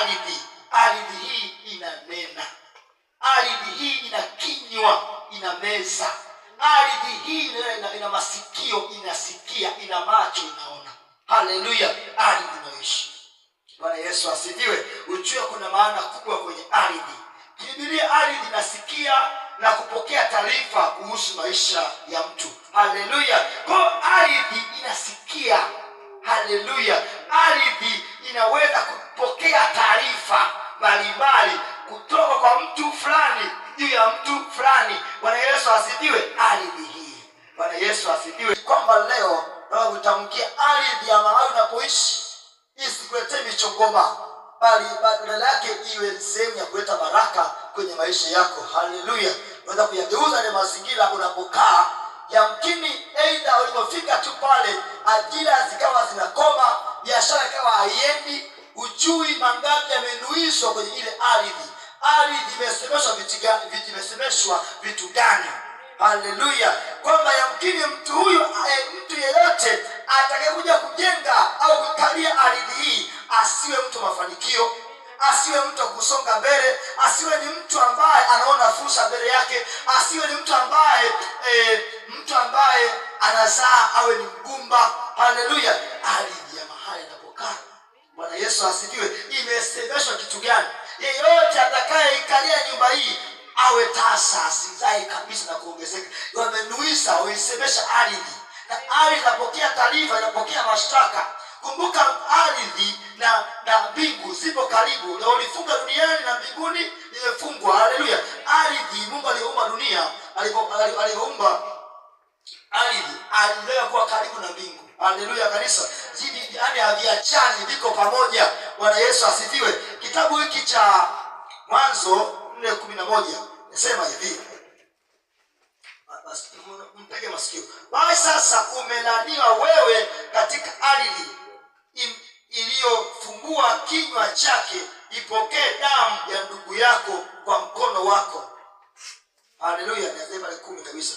ardhi. Ardhi hii inanena, ardhi hii ina kinywa, ina meza, ardhi hii ina, ina masikio, inasikia, ina macho, inaona. Haleluya, ardhi inaishi. Bwana Yesu asifiwe. Ujue kuna maana kubwa kwenye ardhi. Kibiria ardhi inasikia na kupokea taarifa kuhusu maisha ya mtu. Haleluya, kwa ardhi inasikia. Haleluya, ardhi inaweza kupokea taarifa mbalimbali kutoka kwa mtu fulani juu ya mtu fulani. Bwana Yesu asidiwe Ardhi hii, Bwana Yesu asidiwe kwamba leo nataka kutamkia ardhi ya mahali unapoishi isikuletee michongoma, bali badala yake iwe sehemu ya kuleta baraka kwenye maisha yako. Haleluya! unaweza kuyageuza yale mazingira unapokaa, yamkini aidha ulipofika tu pale, ajira zikawa zinakoma, biashara ikawa haiendi Hatujui mangapi yamenuizwa kwenye ile ardhi. Ardhi imesemeshwa vimesemeshwa vitu gani? Haleluya! Kwamba yamkini mtu huyu eh, mtu yeyote atakayekuja kujenga au kukalia ardhi hii asiwe mtu wa mafanikio, asiwe mtu wa kusonga mbele, asiwe ni mtu ambaye anaona fursa mbele yake, asiwe ni mtu ambaye e, mtu ambaye anazaa awe ni mgumba. Haleluya! ardhi Bwana Yesu asijue Imesemeshwa kitu gani? Yeyote atakayekalia nyumba hii awe tasa asizae kabisa na kuongezeka. Wamenuisa, wamesemesha ardhi, na ardhi inapokea taarifa, inapokea mashtaka. Kumbuka ardhi na na mbingu zipo karibu, na ulifunga duniani na mbinguni imefungwa. Haleluya! Ardhi, Mungu aliumba dunia, alivyoumba ardhi aliweka kuwa karibu na mbingu Haleluya kanisa, hivi yani haviachani, viko pamoja. Bwana Yesu asifiwe. Kitabu hiki cha Mwanzo nne kumi na moja nasema hivi, mpege masikio. Basi sasa umelaniwa wewe katika ardhi iliyofungua kinywa chake, ipokee damu ya ndugu yako kwa mkono wako. Haleluya, kumi kabisa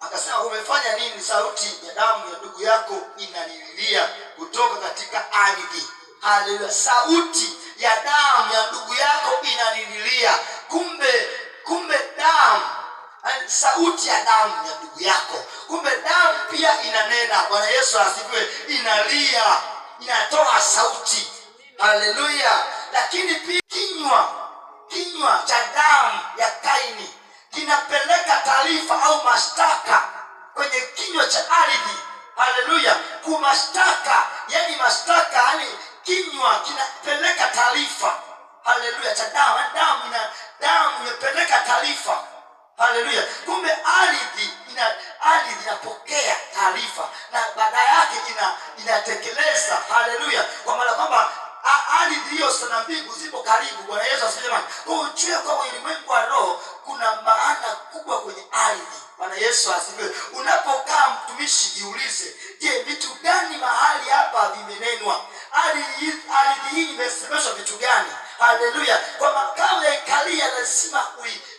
Akasema umefanya nini? Sauti ya damu ya ndugu yako inanililia kutoka katika ardhi. Haleluya! Sauti ya damu ya ndugu yako inanililia. Kumbe, kumbe damu, eh, sauti ya damu ya ndugu yako, kumbe damu pia inanena. Bwana Yesu asifiwe, inalia, inatoa sauti. Haleluya! Lakini pia kinywa, kinywa cha damu ya Kaini mashtaka yani mashtaka yani kinywa kinapeleka taarifa haleluya cha dawa damu na damu imepeleka taarifa haleluya kumbe ardhi ina ardhi inapokea taarifa na baada yake ina inatekeleza haleluya kwa maana kwamba ardhi hiyo sana mbingu zipo karibu bwana yesu asijaman kuchia kwa ulimwengu wa roho kuna maana kubwa kwenye ardhi bwana yesu asifiwe unapokaa mtumishi jiulize Yaani mahali hapa vimenenwa, ardhi hii imesemeshwa vitu gani? Haleluya! Kwa makao ya ikalia lazima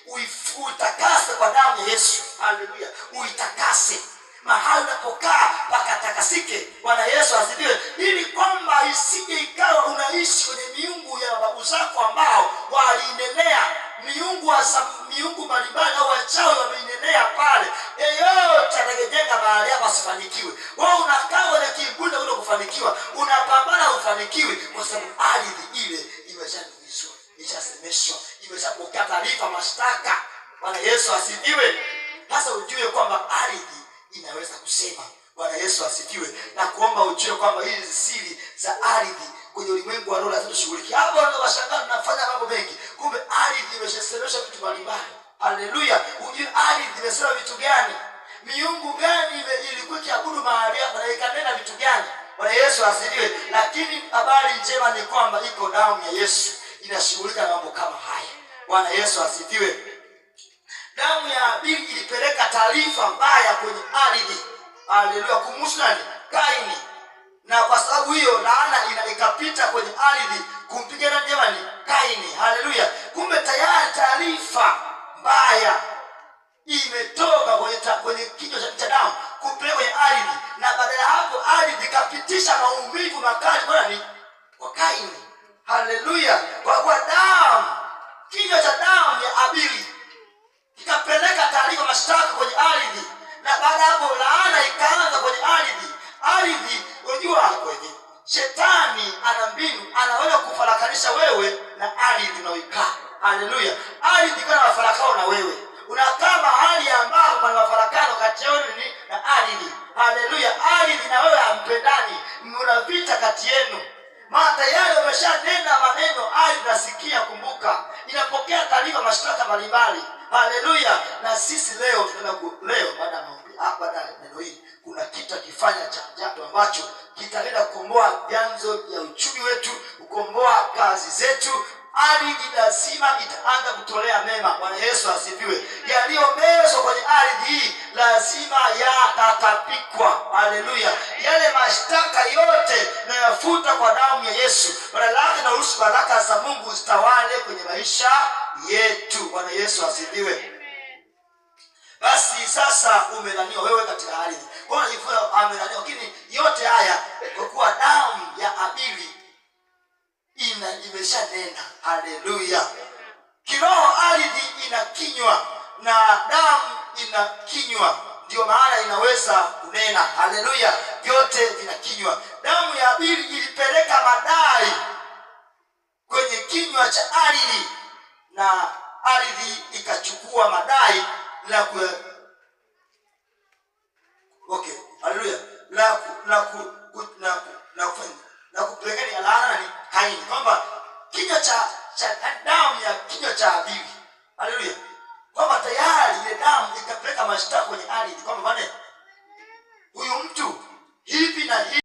uitakase kwa damu ya Yesu. Haleluya, uitakase mahali unapokaa pakatakasike. Bwana Yesu asifiwe, ili kwamba isije ikawa unaishi kwenye miungu ya babu zako ambao walinenea miungu miungu mbalimbali au wachawi wameinenea pale yeyote mahali hapa asifanikiwe. Wewe unakaa kwenye kibunda ule kufanikiwa, unapambana ufanikiwe, kwa sababu ardhi ile imeshanuvizwa, imeshasemeshwa, imeshapokea taarifa mashtaka. Bwana Yesu asifiwe. Sasa ujue kwamba ardhi inaweza kusema. Bwana Yesu asifiwe, na kuomba ujue kwamba hizi siri za ardhi kwenye ulimwengu wa roho lazima tushughulikie. Hapo ndio washangaa tunafanya mambo mengi, kumbe ardhi imeshasemesha vitu mbalimbali. Haleluya! Ujue ardhi imesema vitu gani? miungu gani ilikuwa ikiabudu mahali hapa na ikanena vitu gani? Bwana Yesu asifiwe. Lakini habari njema ni kwamba iko damu ya Yesu inashughulika mambo kama haya. Bwana Yesu asifiwe. Damu ya Abili ilipeleka taarifa mbaya kwenye ardhi, haleluya, kumshtani Kaini, na kwa sababu hiyo laana ina ikapita kwenye ardhi kumpiga na jamani Kaini, haleluya. Kumbe tayari taarifa mbaya imetoka badala yako ardhi ikapitisha maumivu makali kwani kwa Kaini. Haleluya! Kwa kwa damu, kinywa cha damu ya Abili kikapeleka taarifa mashtaka kwenye ardhi, na baada hapo laana ikaanza kwenye ardhi. Ardhi unajua hapo hivi, shetani ana mbinu, anaweza kufarakanisha wewe na ardhi unaoikaa. Haleluya! ardhi kana na na wewe unakaa mahali ambapo pana mafarakano kati yenu na ardhi. Haleluya! ardhi na wewe hampendani, mna vita kati yenu, maana tayari umeshanena maneno. Ardhi nasikia, kumbuka, inapokea taarifa, mashtaka mbalimbali. Haleluya! na sisi leo tunaenda leo, ah, baada ya neno hili, kuna kitu akifanya cha ajabu ambacho kitaenda kukomboa vyanzo vya uchumi wetu, kukomboa kazi zetu ardhi lazima itaanza kutolea mema. Bwana Yesu asifiwe. Yaliyomezwa kwenye ardhi hii lazima yatatapikwa. Haleluya! Yale mashtaka yote nayafuta kwa damu ya Yesu. Badala yake naruhusu baraka za Mungu zitawale kwenye maisha yetu. Bwana Yesu asifiwe. Basi sasa umelaniwa wewe katika ardhi, kwa hiyo amenaniwa, lakini yote haya kwa kuwa damu ya Abili ina imeshanena. Haleluya! Kiroho ardhi inakinywa na damu inakinywa, ndio maana inaweza kunena. Haleluya! vyote kinywa Damu ya Abili ilipeleka madai kwenye kinywa cha ardhi, na ardhi ikachukua madai na kwe... okay. Haleluya! na ku, na ku, na ku, na ku, na na Kaini, kwamba kinywa cha cha damu ya kinywa cha Habili, haleluya, kwamba tayari ile damu ikapeleka mashtaka kwenye ardhi, kwamba bwana, huyu mtu hivi na hivi